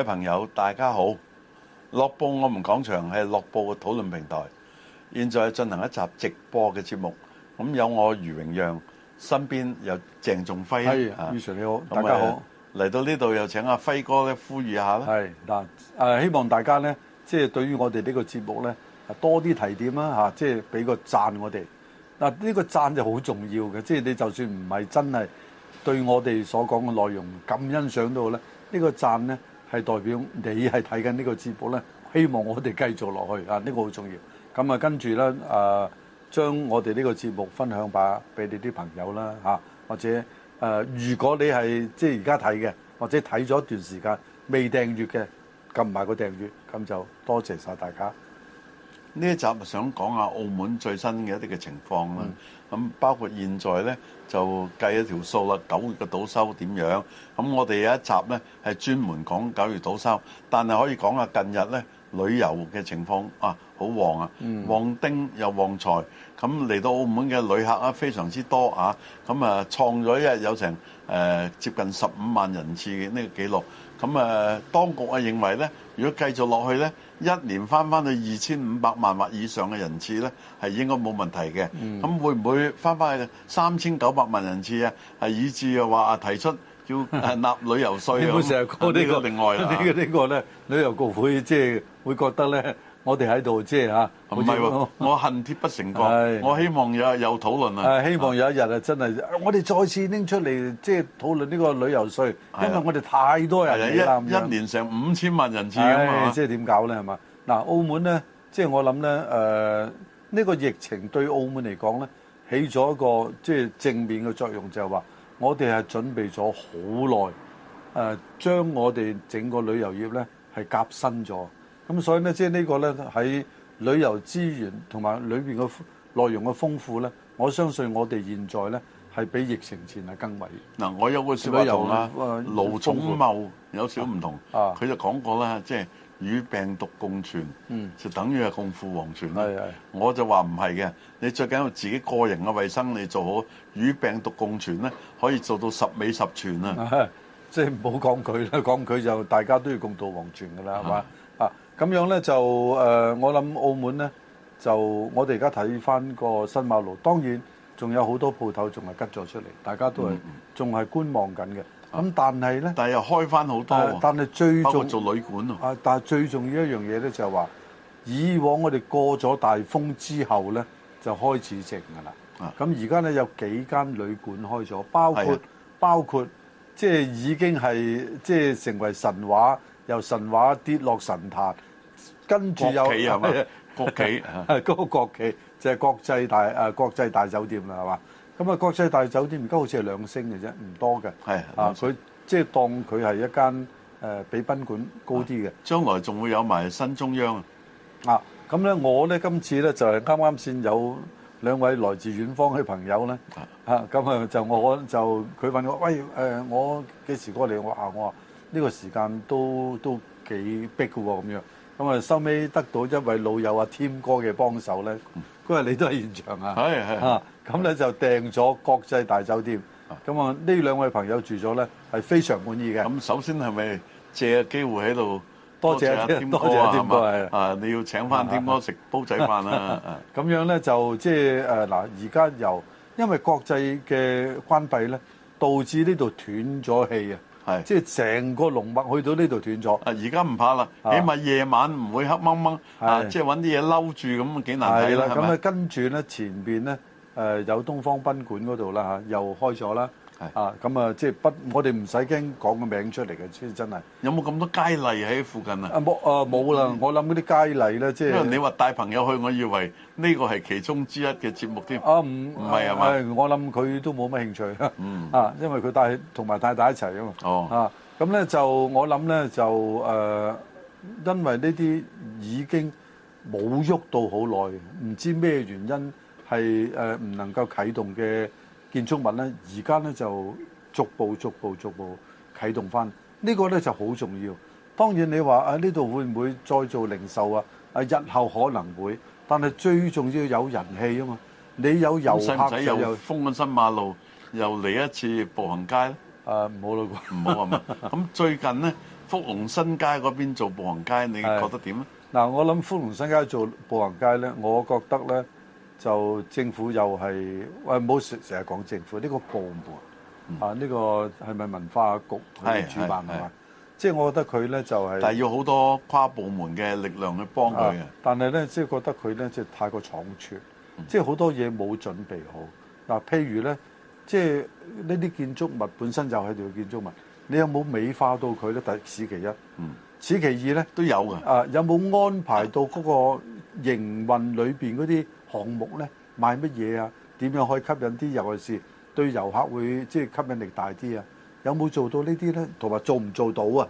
各位朋友，大家好。樂報我們講場係樂報嘅討論平台，現在進行一集直播嘅節目。咁有我余榮讓，身邊有鄭仲輝。係，余 Sir 你好，大家好。嚟到呢度又請阿輝哥咧呼籲下啦。係嗱，誒、呃，希望大家咧，即係對於我哋呢個節目咧，多啲提點啦吓，即係俾個讚我哋嗱。呢個讚就好重要嘅，即係你就算唔係真係對我哋所講嘅內容咁欣賞到咧，呢個讚咧。係代表你係睇緊呢個節目呢，希望我哋繼續落去啊！呢個好重要。咁啊，跟住啦，誒，將我哋呢個節目分享吧，俾你啲朋友啦嚇、啊，或者誒、啊，如果你係即係而家睇嘅，或者睇咗一段時間未訂閱嘅，撳埋個訂閱，咁就多謝晒大家。呢一集想講下澳門最新嘅一啲嘅情況啦。嗯咁包括現在呢，就計一條數啦，九月嘅賭收點樣？咁我哋有一集呢，係專門講九月賭收，但係可以講下近日呢旅遊嘅情況啊，好旺啊、嗯，旺丁又旺財，咁嚟到澳門嘅旅客啊非常之多啊，咁啊創咗一日有成誒、呃、接近十五萬人次嘅呢個記錄。咁誒，當局啊認為咧，如果繼續落去咧，一年翻翻去二千五百萬或以上嘅人次咧，係應該冇問題嘅。咁、嗯、會唔會翻翻去三千九百萬人次啊？係以致又話提出要納旅遊稅啊？呢、 呢個呢個另外呢、呢個呢個呢個咧，旅遊局會即係會覺得咧。我哋喺度即係嚇，唔係喎，我恨鐵不成鋼。我希望有有討論啊！希望有一日啊，真係我哋再次拎出嚟即係討論呢個旅遊稅、啊，因為我哋太多人、啊、一,一年成五千萬人次咁、啊啊啊、即係點搞咧？係嘛？嗱、啊，澳門咧，即、就、係、是、我諗咧，誒、呃，呢、呢個疫情對澳門嚟講咧，起咗一個即係、就是、正面嘅作用就，就係話我哋係準備咗好耐，誒、呃，將我哋整個旅遊業咧係革新咗。咁所以呢，即係呢個呢，喺旅遊資源同埋裏邊嘅內容嘅豐富呢，我相信我哋現在呢，係比疫情前係更為嗱，我有個説話同啦，盧寵茂有少唔同，佢、啊、就講過啦，即、就、係、是、與病毒共存，嗯、就等於係共赴黃泉啦。我就話唔係嘅，你最緊要自己個人嘅衛生你做好，與病毒共存呢可以做到十美十全啊！即係唔好講佢啦，講佢就大家都要共渡黃泉㗎啦，係嘛？咁樣呢，就誒、呃，我諗澳門呢，就我哋而家睇翻個新馬路，當然仲有好多鋪頭仲係吉咗出嚟，大家都係仲係觀望緊嘅。咁、嗯嗯、但係呢，但係又開翻好多，但係最重要做旅館啊！但係最、啊啊、最重要一樣嘢呢，就係、是、話，以往我哋過咗大風之後呢，就開始靜㗎啦。咁而家呢，有幾間旅館開咗，包括包括即係已經係即係成為神話，由神話跌落神壇。跟住有企係咪？國企係嗰國， 國企就係國際大誒國際大酒店啦，係嘛？咁啊，國際大酒店而家好似係兩星嘅啫，唔多嘅係啊。佢即係當佢係一間誒比賓館高啲嘅，啊。將來仲會有埋新中央啊！咁、啊、咧，我咧今次咧就係啱啱先有兩位來自遠方嘅朋友咧啊！咁啊，就我就佢問我喂誒，我幾時過嚟？我話我話呢、呢個時間都都幾逼嘅喎，咁樣。咁啊，收尾得到一位老友阿添哥嘅幫手咧，嗰日你都係現場啊，係係！咁咧就訂咗國際大酒店。咁啊，呢兩位朋友住咗咧係非常滿意嘅。咁首先係咪借個機會喺度多謝添，多謝阿添哥啊？啊，你要請翻添哥食煲仔飯啦！咁樣咧就即係誒嗱，而家由因為國際嘅關閉咧，導致呢度斷咗氣啊！即係成個龍脈去到呢度斷咗，而家唔怕啦，啊，起碼夜晚唔會黑掹掹，啊，啊，即係揾啲嘢嬲住咁，幾難睇啦。咁啊，啊跟住咧，前面咧，誒有東方賓館嗰度啦嚇又開咗啦。啊，咁啊，即係不，我哋唔使驚講個名出嚟嘅，即係真係有冇咁多佳麗喺附近啊？啊，冇啊，冇啦，我諗嗰啲佳麗咧，即係因為你話帶朋友去，我以為呢個係其中之一嘅節目添。啊，唔唔係啊嘛，我諗佢都冇乜興趣。嗯啊，因為佢帶同埋太太一齊啊嘛。哦啊，咁咧就我諗咧就誒，因為呢啲已經冇喐到好耐，唔知咩原因係誒唔能夠啟動嘅。建築物咧，而家咧就逐步逐步逐步啟動翻，呢個咧就好重要。當然你話啊，呢度會唔會再做零售啊？啊，日後可能會，但係最重要有人氣啊嘛。你有遊客仔又封咗新馬路，又嚟一次步行街咧？啊，唔好咯，唔好啊嘛。咁最近咧，福隆新街嗰邊做步行街，你覺得點咧？嗱，我諗福隆新街做步行街咧，我覺得咧。就政府又係，喂，唔好成成日講政府，呢、這個部門、嗯、啊，呢、這個係咪文化局去主辦咪？即、嗯、係、就是、我覺得佢咧就係、是，但要好多跨部門嘅力量去幫佢嘅、啊。但係咧，即、就、係、是、覺得佢咧即太過倉促，即係好多嘢冇準備好。嗱、啊，譬如咧，即係呢啲建築物本身就係條建築物，你有冇美化到佢咧？第此其一，嗯、此其二咧都有嘅。啊，有冇安排到嗰個營運裏邊嗰啲？項目咧賣乜嘢啊？點樣可以吸引啲？尤其係對遊客會即係吸引力大啲啊？有冇做到呢啲咧？同埋做唔做到啊？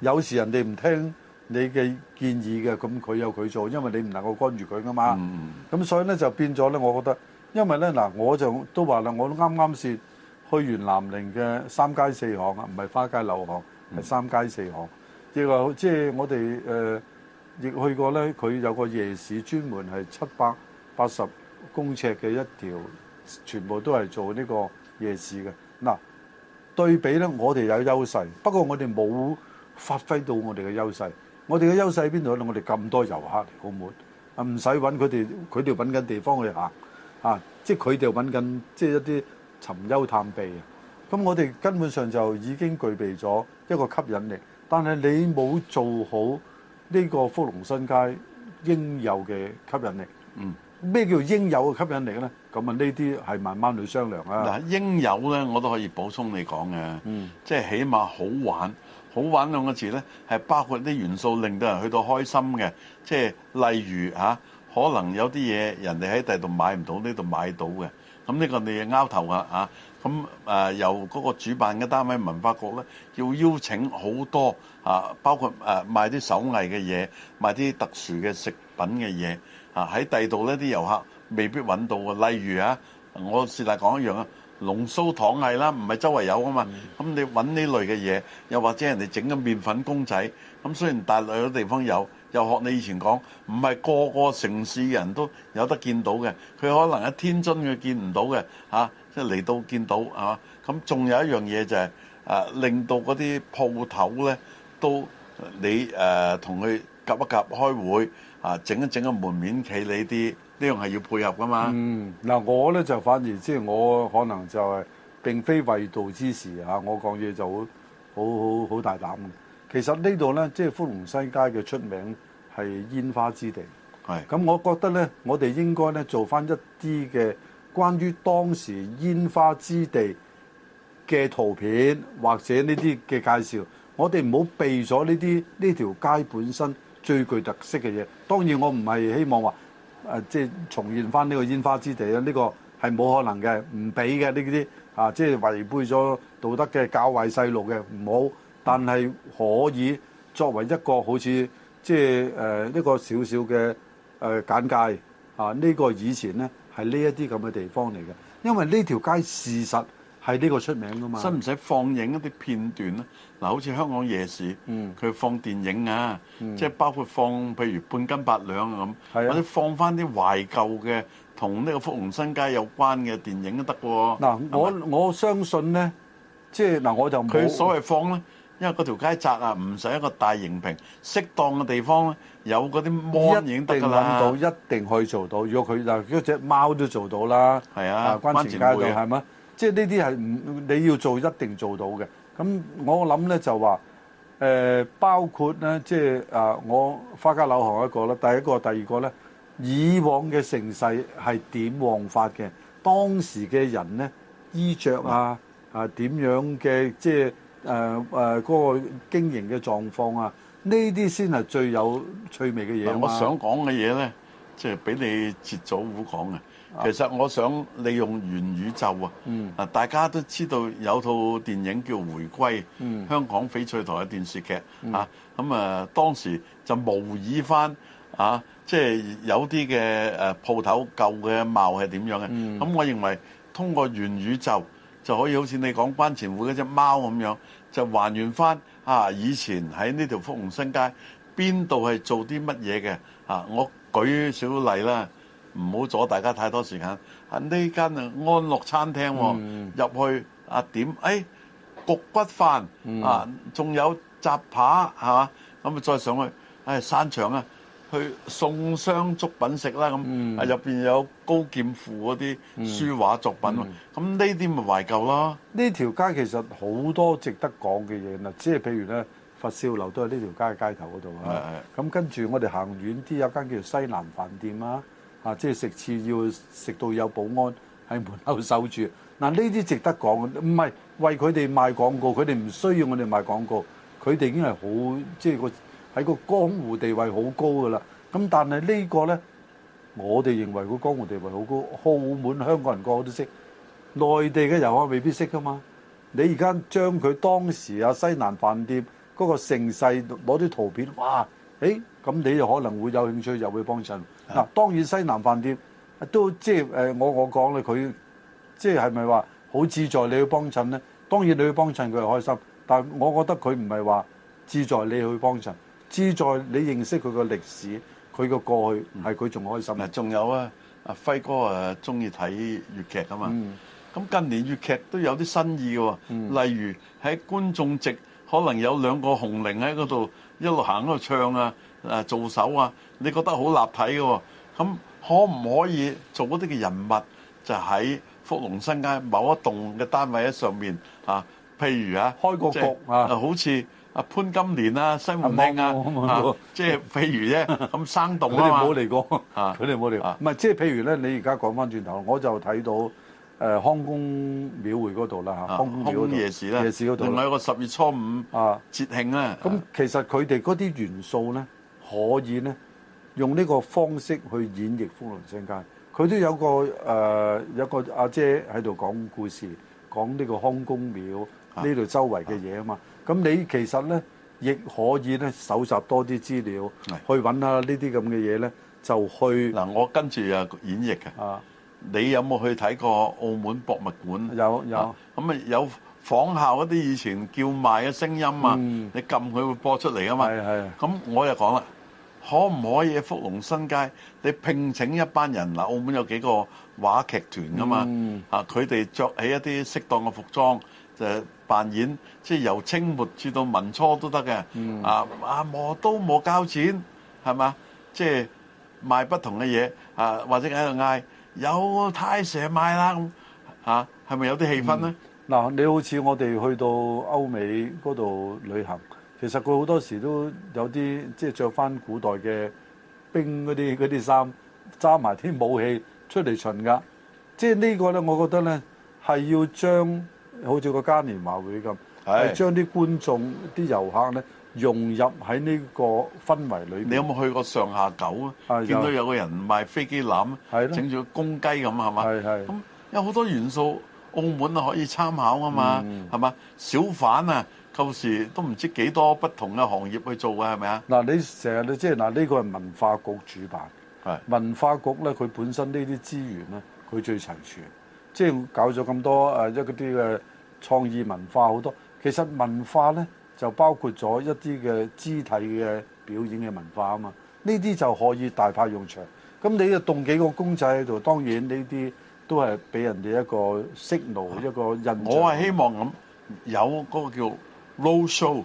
有時人哋唔聽你嘅建議嘅，咁佢有佢做，因為你唔能夠干預佢噶嘛。咁所以咧就變咗咧，我覺得因為咧嗱，我就都話啦，我都啱啱先去完南寧嘅三街四巷啊，唔係花街柳巷，係三街四巷。亦話即係我哋誒亦去過咧，佢有個夜市，專門係七百八十公尺嘅一條，全部都係做呢個夜市嘅。嗱，對比咧，我哋有優勢，不過我哋冇發揮到我哋嘅優勢。我哋嘅優勢喺邊度咧？我哋咁多遊客嚟澳門，好冇啊？唔使揾佢哋，佢哋揾緊地方去行啊！即係佢哋揾緊，即係一啲尋幽探秘。咁我哋根本上就已經具備咗一個吸引力，但係你冇做好呢個福隆新街應有嘅吸引力。嗯。咩叫應有嘅吸引力咧？咁啊，呢啲係慢慢去商量啊。嗱，應有咧，我都可以補充你講嘅、嗯，即係起碼好玩，好玩兩個字咧，係包括啲元素令到人去到開心嘅，即係例如嚇、啊，可能有啲嘢人哋喺第度買唔到，呢度買到嘅。咁、嗯、呢、呢個你嘅鈎頭啊，嚇、嗯。咁、呃、誒，由嗰個主辦嘅單位文化局咧，要邀請好多啊，包括誒賣啲手藝嘅嘢，賣啲特殊嘅食品嘅嘢。啊，喺第度呢啲遊客未必揾到喎，例如啊，我試下講一樣啊，龍鬚糖藝啦，唔係周圍有啊嘛，咁你揾呢類嘅嘢，又或者人哋整嘅麵粉公仔，咁雖然大陸有地方有，又學你以前講，唔係個個城市人都有得見到嘅，佢可能喺天津佢見唔到嘅，嚇、啊，即係嚟到見到係嘛，咁、啊、仲有一樣嘢就係、是，誒、啊、令到嗰啲鋪頭咧都你誒同佢。啊 𥄫 一 𥄫 開會啊，整一整個門面企理啲，呢樣係要配合噶嘛。嗯，嗱我咧就反而即係我可能就係並非為道之士嚇，我講嘢就好好好好大膽嘅。其實呢度咧，即係福隆西街嘅出名係煙花之地。係。咁我覺得咧，我哋應該咧做翻一啲嘅關於當時煙花之地嘅圖片或者呢啲嘅介紹，我哋唔好避咗呢啲呢條街本身。最具特色嘅嘢，當然我唔係希望話誒，即係重現翻呢個煙花之地啦。呢個係冇可能嘅，唔俾嘅呢啲啊，即係違背咗道德嘅教壞細路嘅唔好。但係可以作為一個好似即係誒呢個少少嘅誒簡介啊。呢個以前呢係呢一啲咁嘅地方嚟嘅，因為呢條街事實係呢個出名㗎嘛？使唔使放映一啲片段咧？嗱，好似香港夜市，佢、嗯、放電影啊，嗯、即係包括放譬如半斤八兩咁、啊，或者放翻啲懷舊嘅同呢個福隆新街有關嘅電影都得喎。嗱、啊，我我相信咧，即係嗱、啊，我就佢所謂放咧，因為嗰條街窄啊，唔使一個大螢屏，適當嘅地方咧，有嗰啲 mon 一定做到，一定可以做到。如果佢嗱，嗰隻貓都做到啦。係啊，關前街度係嘛？即係呢啲係唔你要做，你要做一定做到嘅，咁我諗呢就話誒、呃，包括呢，即係啊，我花家樓行一個啦，第一個、第二個呢，以往嘅盛世係點旺發嘅，當時嘅人呢，衣着啊啊點樣嘅即係誒誒嗰個經營嘅狀況啊，呢啲先係最有趣味嘅嘢嘛、呃、我想講嘅嘢呢，即係俾你截早胡講嘅其實我想利用元宇宙啊，啊、嗯、大家都知道有套電影叫《回歸》，嗯、香港翡翠台嘅電視劇、嗯、啊，咁、嗯、啊當時就模擬翻啊，即、就、係、是、有啲嘅誒鋪頭舊嘅貌係點樣嘅，咁、嗯啊、我認為通過元宇宙就可以好似你講關前戶嗰隻貓咁樣，就還原翻啊以前喺呢條福隆新街邊度係做啲乜嘢嘅啊，我舉少少例啦。唔好阻大家太多時間，哦嗯啊哎嗯。啊，呢間啊安樂餐廳喎，入去啊點？誒，焗骨飯啊，仲有雜扒嚇，咁啊再上去誒、哎、山牆啊，去送相粥品食啦咁。啊、嗯，入、嗯嗯、面有高劍父嗰啲書畫作品咁呢啲咪懷舊啦。呢、嗯、條、嗯、街其實好多值得講嘅嘢嗱，即係譬如咧佛笑樓都喺呢條街嘅街頭嗰度啊。咁跟住我哋行遠啲，有間叫做西南飯店啊。啊！即係食肆要食到要有保安喺門口守住，嗱呢啲值得講嘅。唔係為佢哋賣廣告，佢哋唔需要我哋賣廣告。佢哋已經係好即係喺個江湖地位好高㗎啦。咁但係呢個呢，我哋認為個江湖地位好高，澳門香港人個個都識，內地嘅遊客未必識噶嘛。你而家將佢當時啊西南飯店嗰個盛世攞啲圖片，哇！誒、欸、～咁你就可能會有興趣，入去幫襯。嗱，當然西南飯店都即係誒，我我講咧，佢即係咪話好志在你去幫襯咧？當然你去幫襯佢係開心，但係我覺得佢唔係話志在你去幫襯，志在你認識佢個歷史，佢個過去係佢仲開心。仲、嗯、有啊，阿輝哥啊，中意睇粵劇啊嘛。咁、嗯、近年粵劇都有啲新意嘅喎、啊嗯，例如喺觀眾席可能有兩個紅伶喺嗰度一路行一路唱啊。誒做手啊！你覺得好立體嘅喎，咁可唔可以做嗰啲嘅人物？就喺福隆新街某一棟嘅單位喺上面啊，譬如啊，開個局啊，啊、好似潘金蓮啊、西門慶啊，即係、啊啊、譬如啫，咁生動啊佢哋唔好嚟講，佢哋唔好聊，唔係即係譬如咧，你而家講翻轉頭，我就睇到誒康公廟會嗰度啦康公廟夜市咧、啊，啊、另外一個十月初五節慶啊，啊。咁、啊啊、其實佢哋嗰啲元素咧。可以咧，用呢個方式去演繹《福隆新街》，佢都有個誒，有個阿姐喺度講故事，講呢個康公廟呢度周圍嘅嘢啊嘛。咁你其實咧，亦可以咧蒐集多啲資料，去揾下呢啲咁嘅嘢咧，就去。嗱，我跟住啊演繹嘅。啊，你有冇去睇過澳門博物館？有有。咁啊，有仿效一啲以前叫賣嘅聲音啊，你撳佢會播出嚟啊嘛。係係。咁我又講啦。可唔可以福隆新街？你聘請一班人嗱，澳門有幾個話劇團噶嘛？啊，佢哋著起一啲適當嘅服裝，就係扮演，即係由清末至到民初都得嘅。啊啊，磨都冇交錢，係嘛？即係賣不同嘅嘢啊，或者喺度嗌有太蛇賣啦咁嚇，係咪有啲氣氛咧？嗱，你好似我哋去到歐美嗰度旅行。其實佢好多時都有啲即係着返古代嘅兵嗰啲嗰啲衫，揸埋啲武器出嚟巡噶。即係呢個咧，我覺得咧係要將好似個嘉年華會咁，係將啲觀眾、啲遊客咧融入喺呢個氛圍裏邊。你有冇去過上下九啊？見到有個人賣飛機欖，整住公雞咁，係咪？係嘛。咁有好多元素，澳門可以參考啊嘛。係、嗯、嘛，小販啊。到時都唔知幾多不同嘅行業去做嘅係咪啊？嗱，你成日你即係嗱，呢個係文化局主辦，係文化局咧，佢本身呢啲資源咧，佢最齊全，即係搞咗咁多一啲嘅創意文化好多。其實文化咧就包括咗一啲嘅肢體嘅表演嘅文化啊嘛，呢啲就可以大派用場。咁你又動幾個公仔喺度，當然呢啲都係俾人哋一個識路，一個印象。我係希望咁有嗰個叫。Road show，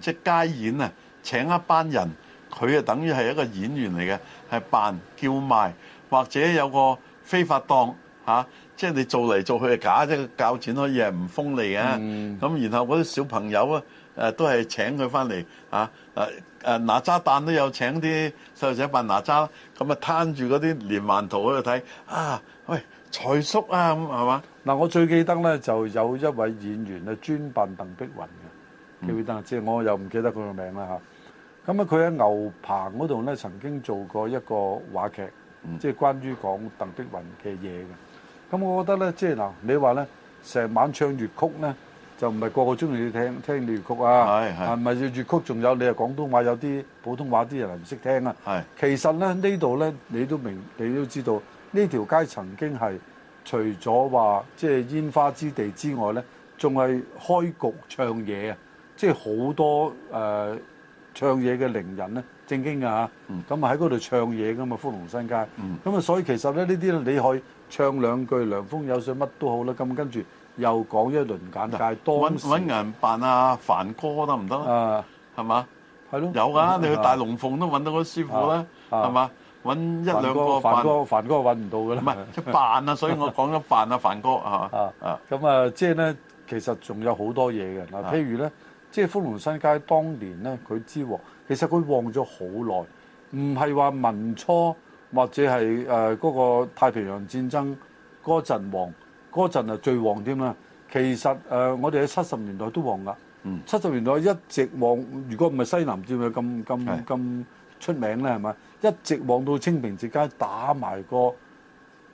即係街演啊！請一班人，佢就等於係一個演員嚟嘅，係扮叫賣，或者有個非法檔嚇、啊，即係你做嚟做去係假啫，剪刀可以係唔鋒利嘅。咁、嗯啊、然後嗰啲小朋友啊，誒都係請佢翻嚟嚇，誒、啊、誒、啊、哪吒誕都有請啲細路仔扮哪吒，咁啊那攤住嗰啲連環圖喺度睇啊，喂，財叔啊咁係嘛？嗱、啊，我最記得咧就有一位演員啊，專扮鄧碧雲。記唔記得？即、嗯、係我又唔記得佢個名啦嚇。咁啊，佢喺牛棚嗰度咧，曾經做過一個話劇，即、嗯、係、就是、關於講鄧碧雲嘅嘢嘅。咁我覺得咧，即係嗱，你話咧，成晚唱粵曲咧，就唔係個個中意去聽聽粵曲啊。係係，唔係粵曲，仲有你啊，廣東話有啲普通話啲人唔識聽啊。係。其實咧，這裡呢度咧，你都明，你都知道呢條街曾經係除咗話即係煙花之地之外咧，仲係開局唱嘢啊！即係好多誒、呃、唱嘢嘅伶人咧，正經㗎嚇，咁啊喺嗰度唱嘢噶嘛，福隆新街。咁、嗯、啊所以其實咧，呢啲你可以唱兩句涼風有水乜都好啦，咁跟住又講一輪簡介。多揾人扮呀、啊。凡哥得唔得啊？係嘛？係咯，有噶、啊，你去大龍鳳都揾到嗰師傅啦，係、啊、嘛？揾、啊、一兩個扮凡哥，凡哥揾唔到㗎啦。唔係即扮啊！ 所以我講咗扮啊凡哥嚇。啊啊！咁啊，即係咧，其實仲有好多嘢嘅嗱，譬如咧。啊啊啊即係福隆新街當年咧，佢之旺，其實佢旺咗好耐，唔係話民初或者係誒嗰個太平洋戰爭嗰陣旺，嗰陣係最旺添啦。其實誒、呃，我哋喺七十年代都旺噶，七、嗯、十年代一直旺。如果唔係西南戰，咪咁咁咁出名咧，係咪一直旺到清平直街打埋個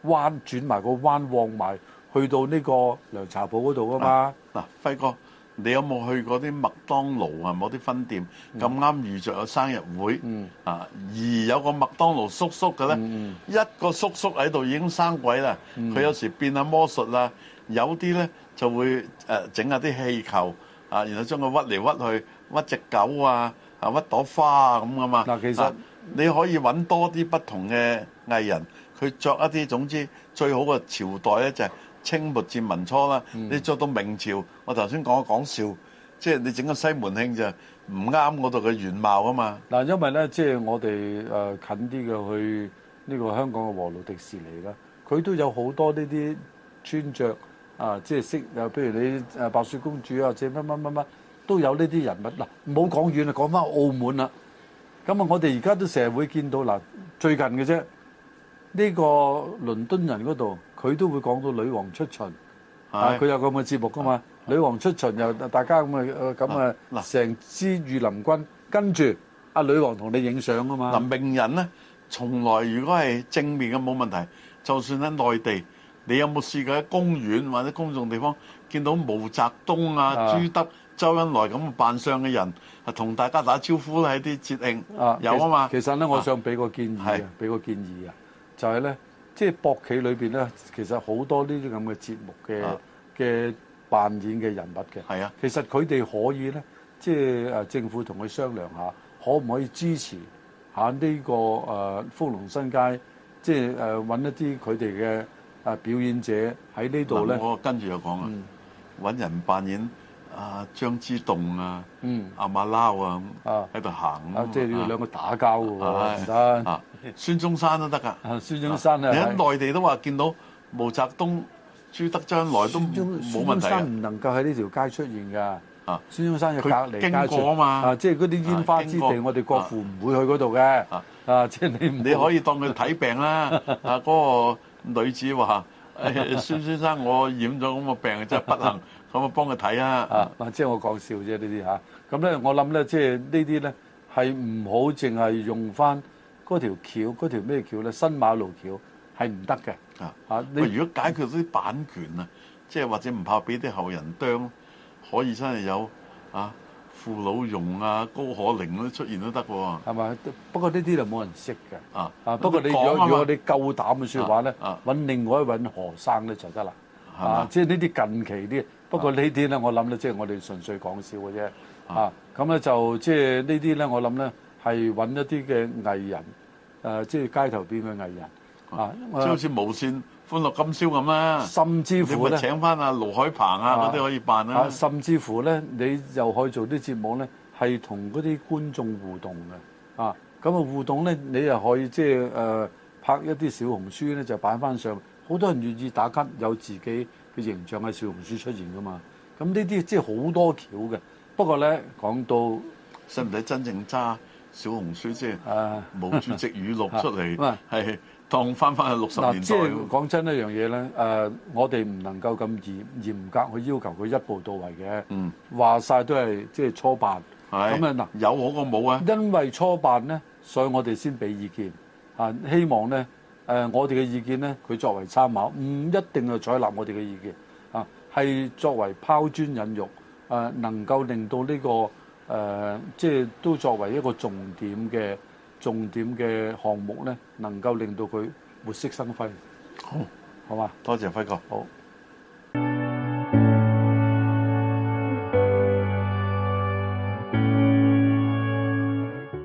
彎，轉埋個彎，旺埋去到呢個涼茶鋪嗰度噶嘛。嗱、啊，輝、啊、哥。你有冇去過啲麥當勞啊？某啲分店咁啱遇著有生日會啊，而有個麥當勞叔叔嘅咧，一個叔叔喺度已經生鬼啦。佢有時變下魔術啦，有啲咧就會誒整下啲氣球啊，然後將佢屈嚟屈去，屈隻狗啊，啊屈朵花啊咁啊嘛。嗱，其實你可以揾多啲不同嘅藝人，佢著一啲總之最好嘅朝代咧就係。清末至民初啦，你做到明朝，我頭先講講笑，即係你整個西門慶就唔啱嗰度嘅原貌啊嘛。嗱，因為咧，即係我哋誒近啲嘅去呢個香港嘅和路迪士尼啦，佢都有好多呢啲穿着啊，即係識有，譬如你誒白雪公主啊，或者乜乜乜乜都有呢啲人物。嗱，唔好講遠啊，講翻澳門啦。咁啊，我哋而家都成日會見到嗱，最近嘅啫，呢個倫敦人嗰度。佢都會講到女王出巡，佢有咁嘅節目㗎嘛？女王出巡又大家咁啊咁啊，成支御林軍跟住阿女王同你影相㗎嘛！嗱，名人咧，從來如果係正面嘅冇問題，就算喺內地，你有冇試過喺公園或者公眾地方見到毛澤東啊、朱德、周恩來咁扮相嘅人，同大家打招呼咧？喺啲節慶啊，有啊嘛。其實咧，我想俾個建議啊，俾個建議啊，就係咧。即係博企裏邊咧，其實好多呢啲咁嘅節目嘅嘅、啊、扮演嘅人物嘅。係啊，其實佢哋可以咧，即係誒政府同佢商量下，可唔可以支持下呢、這個誒福、呃、隆新街，即係誒揾一啲佢哋嘅誒表演者喺呢度咧。我跟住就講啊，揾、嗯、人扮演。啊，張之洞啊，阿、啊、馬騮啊，喺度行，即係兩個打交啊，啊，啊，、哎、啊。孫中山都得噶、啊啊，孫中山啊，你喺內地都話見到毛澤東、朱德將來都冇問題啊，唔能夠喺呢條街出現㗎，啊，孫中山嘅隔離街，經過啊嘛，啊即係嗰啲煙花之地，啊、我哋國父唔會去嗰度嘅，啊，即係你你可以當佢睇病啦，啊，嗰、 啊嗰個女子話。哎、孫先生，我染咗咁嘅病，真係不幸咁啊， 可唔可以幫佢睇啊！啊，即係我講笑啫，啊、呢啲吓。咁咧，我諗咧，即係呢啲咧係唔好淨係用翻嗰條橋，嗰條咩橋咧？新馬路橋係唔得嘅。啊，嚇、啊！如果解決到啲版權啊，即係或者唔怕俾啲後人啄，可以真係有啊。傅老榕啊、高可玲都出現都得喎，係咪？不過呢啲就冇人識嘅。啊啊！不過你如果如果你夠膽嘅説話咧，揾、啊啊、另外一位何生咧就得啦。啊，即係呢啲近期啲。不過這些呢啲咧，我諗咧，即、就、係、是、我哋純粹講笑嘅啫。啊，咁、啊、咧就即係、就是、呢啲咧，我諗咧係揾一啲嘅藝人，誒、啊，即、就、係、是、街頭邊嘅藝人。啊！即係好似無線《歡樂今宵》咁啦，甚至乎咧，你會請翻阿盧海鵬啊，嗰、啊、啲可以辦啦、啊啊啊。甚至乎咧，你又可以做啲節目咧，係同嗰啲觀眾互動嘅。啊，咁啊互動咧，你又可以即係誒拍一啲小紅書咧，就擺翻上。好多人願意打卡，有自己嘅形象嘅小紅書出現噶嘛。咁呢啲即係好多橋嘅。不過咧，講到使唔使真正揸小紅書先冇主席語錄出嚟係？當翻翻去六十年代即係講真一樣嘢咧，我哋唔能夠咁嚴嚴格去要求佢一步到位嘅，嗯，話晒都係即係初辦，係咁啊嗱，有好過冇啊，因為初辦咧，所以我哋先俾意見，啊，希望咧、呃，我哋嘅意見咧，佢作為參考，唔一定啊採納我哋嘅意見，啊，係作為拋磚引玉、啊，能夠令到呢個、呃、即係都作為一個重點嘅。重點嘅項目呢，能夠令到佢活色生輝。好，好嘛，多謝輝哥。好。